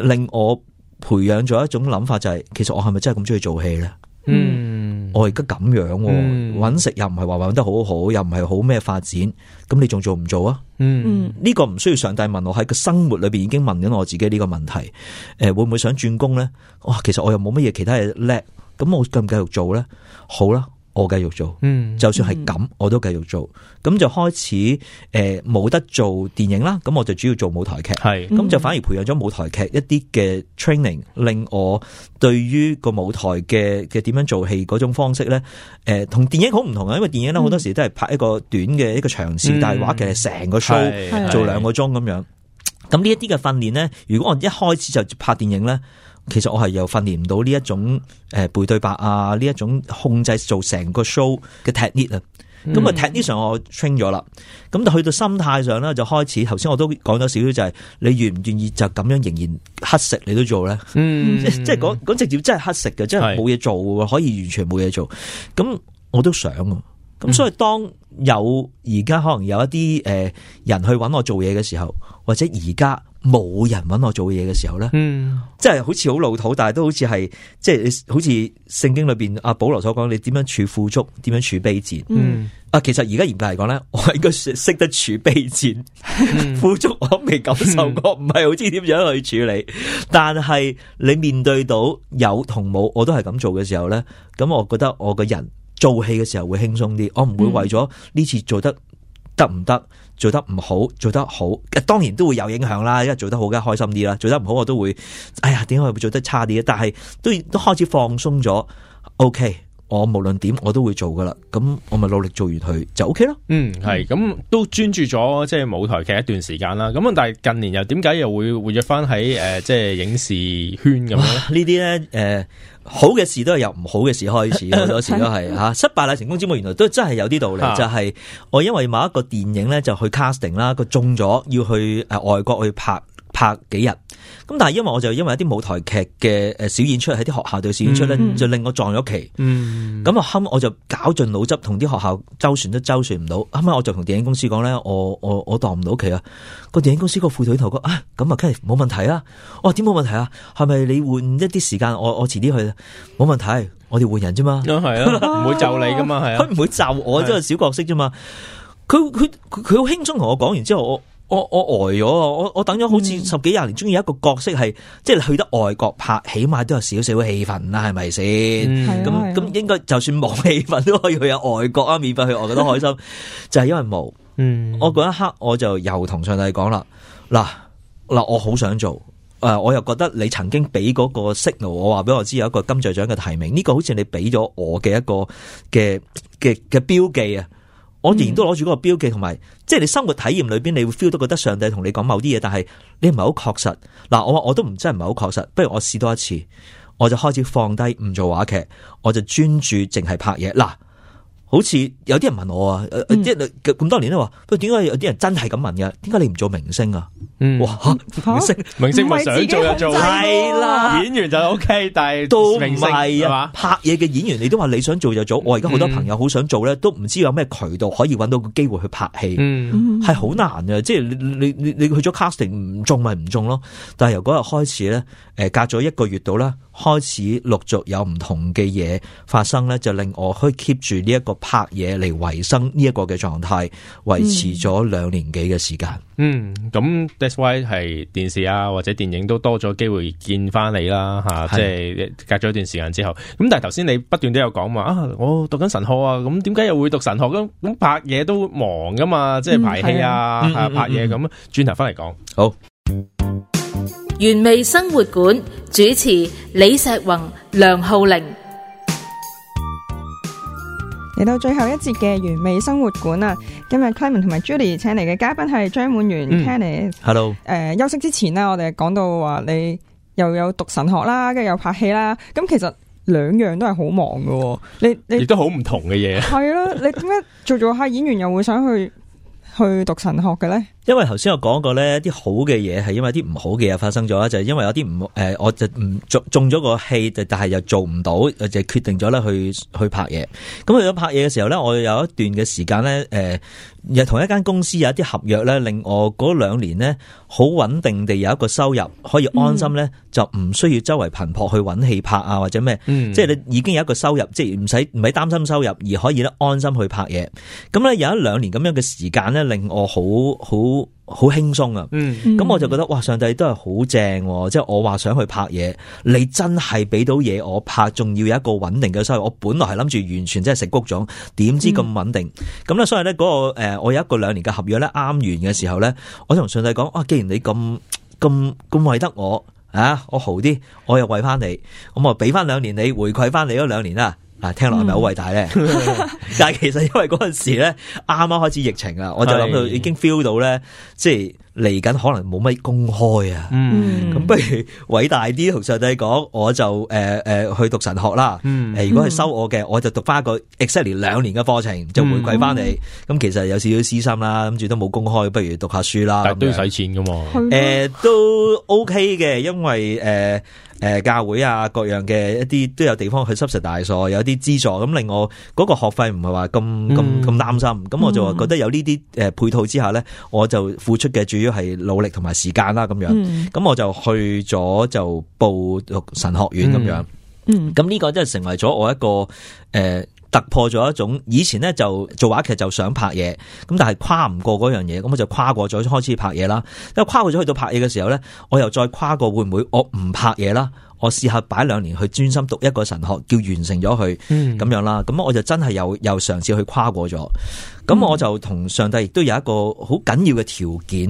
能令我。培養咗一種諗法，就是，就係其實我係咪真係咁中意做戲咧？嗯，我而家咁樣，啊，揾，嗯、食又唔係話揾得好好，又唔係好咩發展，咁你仲做唔做啊？嗯，呢個唔需要上帝問我，喺個生活裏邊已經問緊我自己呢個問題，誒、呃，會唔會想轉工咧？哇，其實我又冇乜嘢其他嘢叻，咁我繼唔繼續做咧？好啦。我繼續做，嗯、就算係咁，我都繼續做。咁就開始誒，冇、呃、得做電影啦。咁我就主要做舞台劇，係咁、嗯、就反而培養咗舞台劇一啲嘅 training，令我對於個舞台嘅嘅點樣做戲嗰種方式咧，誒、呃，同電影好唔同啊。因為電影咧好多時都係拍一個短嘅一個長時，但係話劇係成個 show 做兩個鐘咁樣。咁呢一啲嘅訓練咧，如果我一開始就拍電影咧。其實我係又訓練唔到呢一種誒背對白啊，呢一種控制做成個 show 嘅 technique 啊、嗯，咁啊 technique 上我 train 咗啦，咁就去到心態上咧就開始，頭先我都講咗少少就係、是、你願唔願意就咁樣仍然乞食你都做咧，嗯、 (laughs) 即係即係講直接真係乞食嘅，真係冇嘢做嘅，是可以完全冇嘢做，咁我都想。咁所以當有而家可能有一啲誒人去揾我做嘢嘅時候，或者而家冇人揾我做嘢嘅時候咧，嗯、即係好似好老土，但係都好似係即係好似聖經裏邊阿保羅所講，你點樣處富足，點樣處卑賤？啊，其實而家嚴格嚟講咧，我應該識得處卑賤，富足、嗯、 (laughs) 我未感受過，唔係、嗯、好知點樣去處理。但係你面對到有同冇，我都係咁做嘅時候咧，咁我覺得我個人。做戲嘅時候會輕鬆啲，我唔會為咗呢次做得得唔得，做得唔好，做得好，當然都會有影響啦。因為做得好梗係開心啲啦，做得唔好我都會，哎呀，點解我會做得差啲咧？但係都都開始放鬆咗，OK。我無論點我都會做噶啦，咁我咪努力做完佢就 O K 咯。嗯，係咁都專注咗即係舞台劇一段時間啦。咁但係近年又點解又會活躍翻喺誒，即係影視圈咁樣呢？呢啲咧，誒好嘅事都係由唔好嘅事開始，好 (laughs) 多時都係吓、啊、失敗乃成功之母，原來都真係有啲道理。 (laughs) 就係我因為某一個電影咧，就去 casting 啦，佢中咗要去誒外國去拍。拍幾日？咁但係因為我就因為一啲舞台劇嘅誒小演出喺啲學校度小演出咧，嗯、就令我撞咗期。咁啊、嗯，後尾我就絞盡腦汁同啲學校周旋都周旋唔到。後尾我就同電影公司講咧，我我我當唔到期啊！個電影公司個副隊頭哥啊，咁啊，梗係冇問題啊！哇，點冇問題啊？係咪你換一啲時間？我我遲啲去啦，冇問題，我哋換人啫 (laughs) 嘛。係啊，唔會就你噶嘛，係啊，佢唔會就我，即係小角色啫嘛。佢佢佢佢好輕鬆同我講完之後，我。我我我呆咗，我我等咗好似十幾廿年，中意一個角色係，即係去得外國拍，起碼都有少少嘅氣氛啦，係咪先？咁咁、嗯啊、應該就算冇氣氛，都可以去有外國啊，免費去外國都開心。 (laughs) 就係因為冇、嗯，我嗰一刻我就又同上帝講啦，嗱嗱，我好想做，誒、呃，我又覺得你曾經俾嗰個 signal，我話俾我知有一個金像獎嘅提名，呢、這個好似你俾咗我嘅一個嘅嘅嘅標記啊。我仍然都攞住嗰個標記，同埋即係你生活體驗裏邊，你會 feel 到覺得上帝同你講某啲嘢，但係你唔係好確實。嗱，我話我都唔真係唔係好確實，不如我試多一次，我就開始放低唔做話劇，我就專注淨係拍嘢。嗱。好似有啲人問我啊，即、呃、咁、嗯、多年都話，點解有啲人真係咁問嘅？點解你唔做明星啊？嗯、哇，明星、啊、明星唔係想做就做，係、嗯、啦，演員就 OK，但係都唔係啊。吧拍嘢嘅演員，你都話你想做就做。我而家好多朋友好想做咧，嗯、都唔知有咩渠道可以揾到個機會去拍戲，係好、嗯、難嘅。即係你你你去咗 casting 唔中咪唔中咯。但係由嗰日開始咧，誒，隔咗一個月度啦，開始陸續有唔同嘅嘢發生咧，就令我可以 keep 住呢一個。拍嘢嚟維生呢一個嘅狀態，維持咗兩年幾嘅時間。嗯，咁 that's why 係電視啊或者電影都多咗機會見翻你啦吓，即係的隔咗一段時間之後。咁但係頭先你不斷都有講話，我讀緊神學啊，咁點解又會讀神學咁？咁拍嘢都忙噶嘛，即係排戲啊，嗯、拍嘢咁。轉頭翻嚟講，好。原味生活館主持李石宏、梁浩玲。嚟到最後一節嘅完美生活館啊！今日 Clement 同埋 Julie 請嚟嘅嘉賓係張滿源 Kenny。Hello。誒休息之前咧，我哋講到話你又有讀神學啦，跟住又拍戲啦。咁其實兩樣都係好忙嘅喎、嗯。你你亦都好唔同嘅嘢。係咯。你點解做做下演員又會想去去讀神學嘅咧？因為頭先我講過咧，啲好嘅嘢係因為啲唔好嘅嘢發生咗，就係，因為有啲唔誒，我就唔中中咗個戲，但係又做唔到，就決定咗咧去去拍嘢。咁去到拍嘢嘅時候咧，我有一段嘅時間咧，誒、呃，又同一間公司有一啲合約咧，令我嗰兩年咧好穩定地有一個收入，可以安心咧就唔需要周圍頻撲去揾戲拍啊或者咩？嗯、即係你已經有一個收入，即係唔使唔使擔心收入，而可以咧安心去拍嘢。咁咧有一兩年咁樣嘅時間咧，令我好好。好輕鬆啊！咁、嗯、我就覺得哇，上帝都係好正，即係我話想去拍嘢，你真係俾到嘢我拍，仲要有一個穩定嘅收入。我本來係諗住完全真係食谷種，點知咁穩定咁咧，嗯、所以咧嗰、嗰個誒、呃，我有一個兩年嘅合約咧，啱完嘅時候咧，我同上帝講啊，既然你咁咁咁為得我啊，我好啲，我又為翻你，咁我俾翻兩年回饋你回饋翻你嗰兩年啦。啊，聽落係咪好偉大咧？ (laughs) 但係其實因為嗰陣時咧，啱啱開始疫情啊，我就諗到已經 feel 到咧，即係嚟緊可能冇乜公開啊。咁、嗯、不如偉大啲同上帝講，我就誒誒、呃呃、去讀神學啦。嗯呃、如果係收我嘅，我就讀翻個 exactly 兩年嘅課程，就回饋翻嚟。咁、嗯嗯、其實有少少私心啦，諗住都冇公開，不如讀下書啦。但都要使錢噶嘛？誒、呃，都 OK 嘅，因為誒。呃誒、呃，教會啊，各樣嘅一啲都有地方去 support 大所，有啲資助，咁令我嗰個學費唔係話咁咁咁擔心，咁我就覺得有呢啲誒配套之下咧，我就付出嘅主要係努力同埋時間啦，咁樣，咁、嗯、我就去咗就報神學院咁、嗯、樣，咁呢、嗯、個即係成為咗我一個誒。呃突破咗一種以前咧，就做話劇就想拍嘢，咁但係跨唔過嗰樣嘢，咁我就跨過咗開始拍嘢啦。因為跨過咗去到拍嘢嘅時候咧，我又再跨過會唔會我唔拍嘢啦？我試下擺兩年去專心讀一個神學，叫完成咗佢，咁、嗯、樣啦。咁我就真係又又嘗試去跨過咗。咁我就同上帝亦都有一個好緊要嘅條件，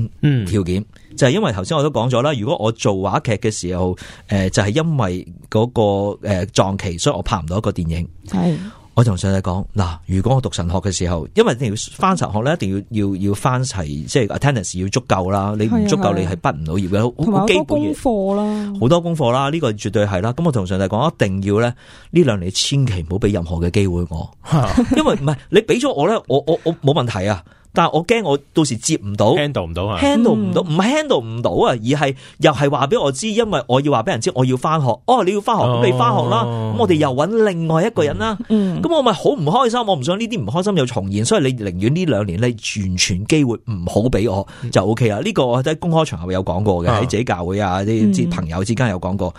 條、嗯、件就係、是、因為頭先我都講咗啦，如果我做話劇嘅時候，誒、呃、就係、是、因為嗰個誒撞期，所以我拍唔到一個電影。係。我同上帝講嗱，如果我讀神學嘅時候，因為一定要翻神學咧，一定要要要翻齊，即係 attendance 要足夠啦。你唔足夠，你係畢唔到業嘅。同埋好多功課啦，好多功課啦，呢個絕對係啦。咁我同上帝講，一定要咧呢兩年，你千祈唔好俾任何嘅機會我， (laughs) 因為唔係你俾咗我咧，我我我冇問題啊。但係我驚我到時接唔到，handle 唔到、嗯、handle 唔到 handle 唔到唔 handle 唔到啊，而係又係話俾我知，因為我要話俾人知我要翻學哦，你要翻學咁、哦、你翻學啦，咁我哋又搵另外一個人啦，咁、嗯嗯、我咪好唔開心，我唔想呢啲唔開心又重現，所以你寧願呢兩年你完全機會唔好俾我就 O K 啦。呢個我喺公開場合有講過嘅，喺自己教會啊啲知朋友之間有講過。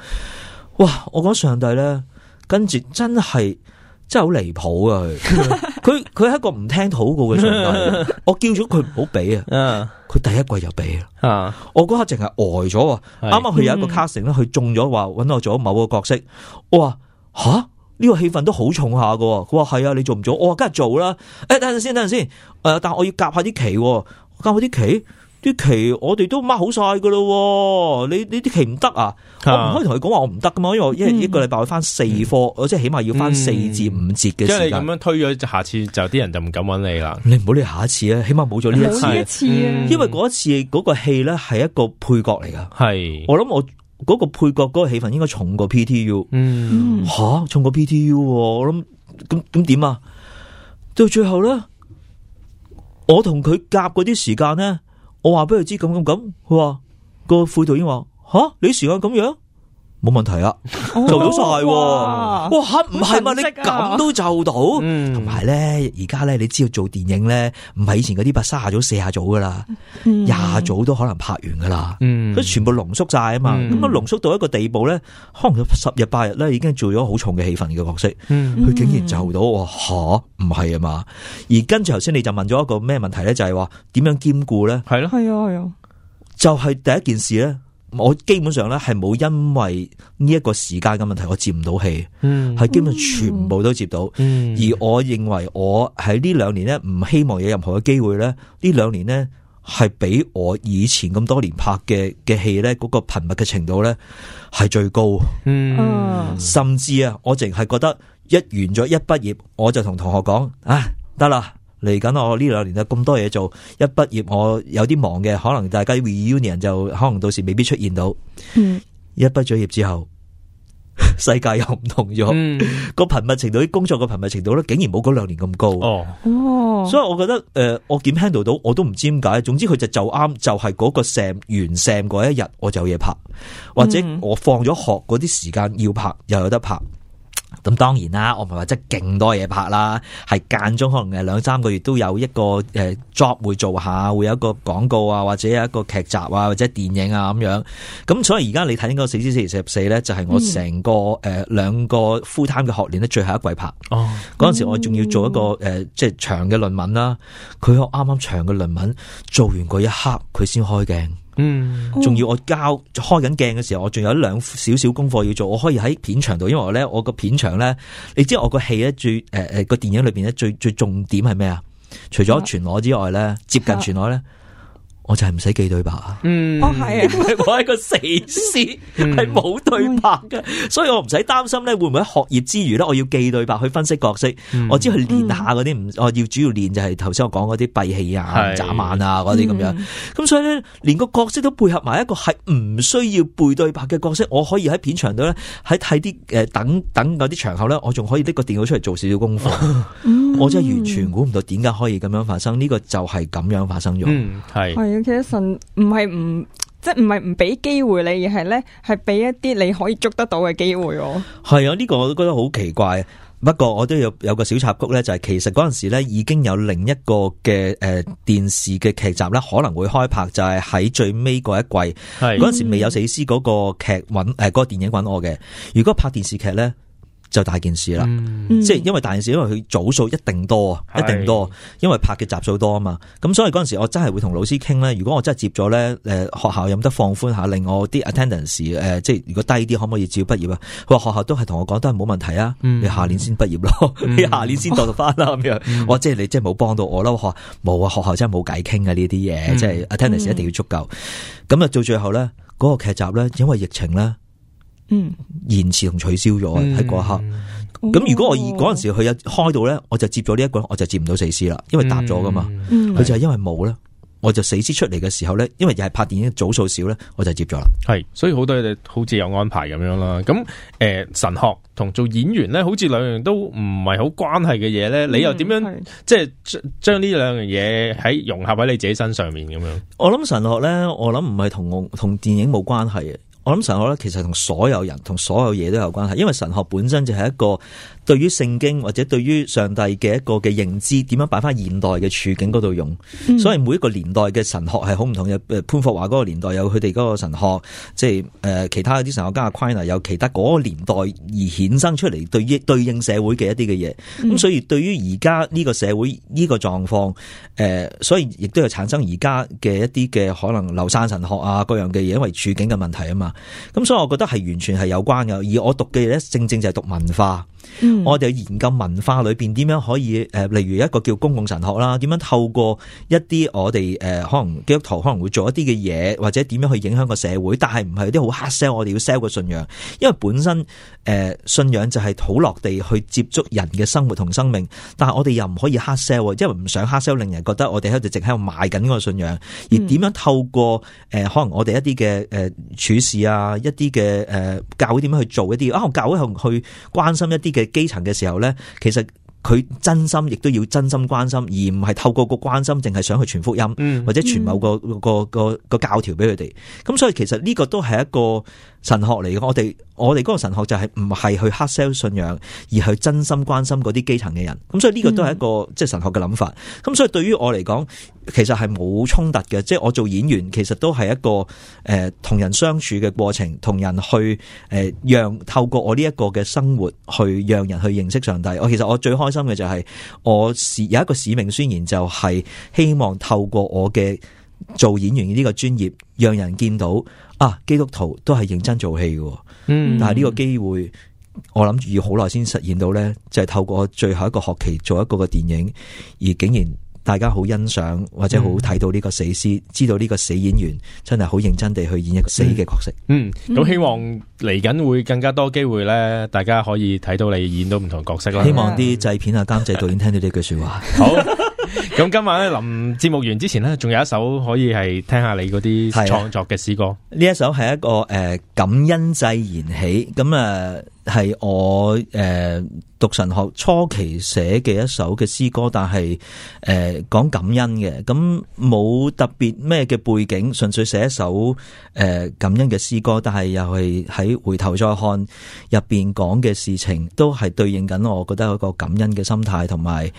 哇，我講上帝咧，跟住真係。真係好離譜啊！佢佢佢係一個唔聽禱告嘅， (laughs) 我叫咗佢唔好俾啊！佢第一季就俾啊。 (laughs) 我嗰刻淨係呆咗。啊。啱啱佢有一個 casting 咧，佢中咗話搵我做某個角色。我話，吓，呢個氣氛都好重下㗎。佢話係啊，你做唔做？我話梗係做啦。誒、欸，等陣先，等陣先。誒，但係我要夾下啲棋，我夾下啲棋。啲期我哋都 mark 好晒噶咯，你呢啲期唔得啊？我唔可以同佢講話我唔得噶嘛，因為我一、嗯、一個禮拜我翻四科，我、嗯、即係起碼要翻四至五節嘅、嗯、即係你咁樣推咗，下次就啲人就唔敢揾你啦。你唔好理下一次啦，起碼冇咗呢一次，因為嗰一次嗰個戲咧係一個配角嚟噶。係是我諗我嗰個配角嗰個戲份應該、嗯嗯、重過 PTU、啊。吓重過 PTU？我諗咁咁點啊？到最後咧，我同佢夾嗰啲時間咧。我話畀佢知咁咁咁，佢話個副導演話：吓，你成日咁樣。冇問題、oh, wow, 啊，做到晒，哇，唔係嘛？你咁都就到，同埋咧，而家咧，你知道做電影咧，唔係以前嗰啲八卅廿早、四十組噶啦，廿組、mm. 都可能拍完噶啦，佢、mm. 全部濃縮晒啊嘛，咁啊濃縮到一個地步咧，可能十日八日咧已經做咗好重嘅戲份嘅角色，佢、mm. 竟然就到，哇吓，唔係啊嘛，而跟住頭先你就問咗一個咩問題咧，就係話點樣兼顧咧，係咯的，係啊係啊，就係第一件事咧。我基本上咧係冇因為呢一個時間嘅問題，我接唔到戲，係、嗯、基本上全部都接到。嗯、而我認為我喺呢兩年咧，唔希望有任何嘅機會咧。呢兩年咧係比我以前咁多年拍嘅嘅戲咧，嗰、嗰個頻密嘅程度咧係最高。嗯，甚至啊，我淨係覺得一完咗一畢業，我就同同學講啊，得啦。嚟緊我呢兩年啊咁多嘢做，一畢業我有啲忙嘅，可能大家 reunion 就可能到時未必出現到。嗯，一畢咗業之後，世界又唔同咗，個頻密程度工作個頻密程度咧，竟然冇嗰兩年咁高哦。所以我覺得誒、哦呃，我 handle 到，我都唔知點解。總之佢就就啱，就係嗰個 sam 完 sam 嗰一日，我就有嘢拍，或者我放咗學嗰啲時間要拍，又有得拍。咁當然啦，我唔係話真係勁多嘢拍啦，係間中可能誒兩三個月都有一個誒 job 會做下，會有一個廣告啊，或者有一個劇集啊，或者電影啊咁樣。咁所以而家你睇嗰個四千四十四咧，就係我成個誒兩個 full time 嘅學年咧最後一季拍。哦，嗰陣時我仲要做一個誒即係長嘅論文啦。佢啱啱長嘅論文做完嗰一刻，佢先開鏡。嗯，仲要我交開緊鏡嘅時候，我仲有兩少少功課要做。我可以喺片場度，因為我咧，我個片場咧，你知我個戲咧最誒誒個電影裏邊咧最最重點係咩啊？除咗全裸之外咧，啊、接近全裸咧。啊我就係唔使記對白，嗯，哦係啊，因為係我一個死屍，係冇對白嘅，所以我唔使擔心咧，會唔會喺學業之餘咧，我要記對白去分析角色，我只係練下嗰啲唔，我要主要練就係頭先我講嗰啲閉氣啊、眨眼啊嗰啲咁樣，咁所以咧，連個角色都配合埋一個係唔需要背對白嘅角色，我可以喺片場度咧，喺睇啲誒等等嗰啲場口咧，我仲可以拎個電腦出嚟做少少功課，我真係完全估唔到點解可以咁樣發生，呢個就係咁樣發生咗，係。其實神唔係唔，即係唔係唔俾機會你，而係咧係俾一啲你可以捉得到嘅機會。我係啊，呢、這個我都覺得好奇怪。不過我都有有個小插曲咧，就係、是、其實嗰陣時咧已經有另一個嘅誒、呃、電視嘅劇集咧可能會開拍，就係、是、喺最尾嗰一季。係嗰陣時未有死屍嗰個劇揾誒嗰個電影揾我嘅。如果拍電視劇咧。就大件事啦，嗯、即係因為大件事，因為佢組數一定多，一定多，因為拍嘅集數多啊嘛。咁所以嗰陣時，我真係會同老師傾咧。如果我真係接咗咧，誒，學校有得放寬下，令我啲 attendance 誒、呃，即係如果低啲，可唔可以照畢業啊？佢話學校都係同我講，都係冇問題啊。你下年先畢業咯，嗯、 (laughs) 你下年先度、嗯哦、到翻啦咁樣。我即係你，即係冇幫到我咯。我話冇啊，學校真係冇偈傾啊呢啲嘢，嗯、即係 attendance 一定要足夠。咁啊、嗯，到、嗯嗯、最，最後咧，嗰、那個劇集咧，因為疫情咧。嗯、延遲同取消咗喺嗰刻，咁、嗯、如果我而嗰陣時佢一開到咧，我就接咗呢一個，我就接唔到死屍啦，因為答咗噶嘛，佢、嗯、就係因為冇啦，嗯、我就死屍出嚟嘅時候咧，因為又係拍電影組數少咧，我就接咗啦。係，所以多好多嘢好似有安排咁樣啦。咁誒、呃，神學同做演員咧，好似兩樣都唔係好關係嘅嘢咧。你又點樣、嗯、即係將呢兩樣嘢喺融合喺你自己身上面咁樣？我諗神學咧，我諗唔係同我同電影冇關係嘅。我諗神學咧，其實同所有人、同所有嘢都有關係，因為神學本身就係一個，對於聖經或者對於上帝嘅一個嘅認知，點樣擺翻現代嘅處境嗰度用？所以每一個年代嘅神學係好唔同嘅。潘霍華嗰個年代有佢哋嗰個神學，即係誒其他啲神學家阿奎那有其他嗰個年代而衍生出嚟對應對應社會嘅一啲嘅嘢。咁所以對於而家呢個社會呢個狀況，誒，所以亦都係產生而家嘅一啲嘅可能流散神學啊各樣嘅嘢，因為處境嘅問題啊嘛。咁所以我覺得係完全係有關嘅。而我讀嘅嘢咧，正正就係讀文化。嗯、我哋研究文化裏邊點樣可以誒，例如一個叫公共神學啦，點樣透過一啲我哋誒，可能基督徒可能會做一啲嘅嘢，或者點樣去影響個社會，但係唔係有啲好 hard sell，我哋要 sell 個信仰，因為本身誒、呃、信仰就係好落地去接觸人嘅生活同生命，但係我哋又唔可以 hard sell，因為唔想 hard sell，令人覺得我哋喺度直喺度賣緊個信仰，而點樣透過誒、呃，可能我哋一啲嘅誒處事啊，一啲嘅誒教會點樣去做一啲啊，教會去關心一啲。嘅基層嘅時候咧，其實佢真心亦都要真心關心，而唔係透過個關心，淨係想去傳福音，嗯、或者傳某個、嗯、個個個教條俾佢哋。咁所以其實呢個都係一個。神學嚟講，我哋我哋嗰個神學就係唔係去黑 sell 信仰，而係真心關心嗰啲基層嘅人。咁所以呢個都係一個即係神學嘅諗法。咁所以對於我嚟講，其實係冇衝突嘅。即係我做演員，其實都係一個誒、呃、同人相處嘅過程，同人去誒讓、呃、透過我呢一個嘅生活去讓人去認識上帝。我其實我最開心嘅就係、是、我是有一個使命宣言，就係希望透過我嘅。做演員呢個專業，讓人見到啊基督徒都係認真做戲嘅。嗯，但係呢個機會，我諗住要好耐先實現到呢，就係、是、透過最後一個學期做一個嘅電影，而竟然大家好欣賞或者好睇到呢個死屍，嗯、知道呢個死演員真係好認真地去演一個死嘅角色。嗯、咁、嗯嗯嗯、希望嚟緊會更加多機會呢，大家可以睇到你演到唔同角色啦。希望啲製片啊、監製、導演聽到呢句說話 (laughs) 好。 (laughs) 咁 (laughs) 今晚咧臨節目完之前咧，仲有一首可以係聽下你嗰啲創作嘅詩歌。呢 (music) 一首係一個誒、呃、感恩祭言起咁啊。嗯呃係我誒、呃、讀神學初期寫嘅一首嘅詩歌，但係誒、呃、講感恩嘅，咁冇特別咩嘅背景，純粹寫一首誒、呃、感恩嘅詩歌，但係又係喺回頭再看入邊講嘅事情，都係對應緊，我覺得一個感恩嘅心態同埋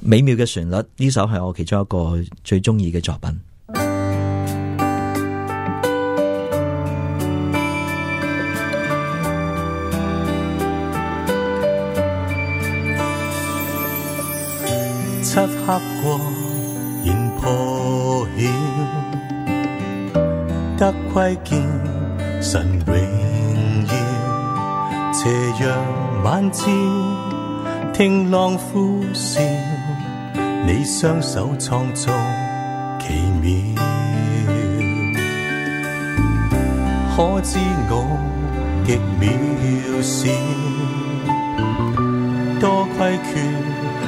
美妙嘅旋律，呢首係我其中一個最中意嘅作品。漆黑過，現破曉，得窺見神榮耀。斜陽晚照，聽浪呼嘯，你雙手創造奇妙。可知我極渺小，多虧缺。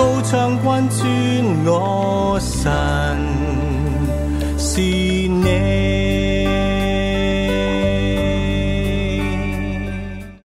高唱貫穿我神，是你。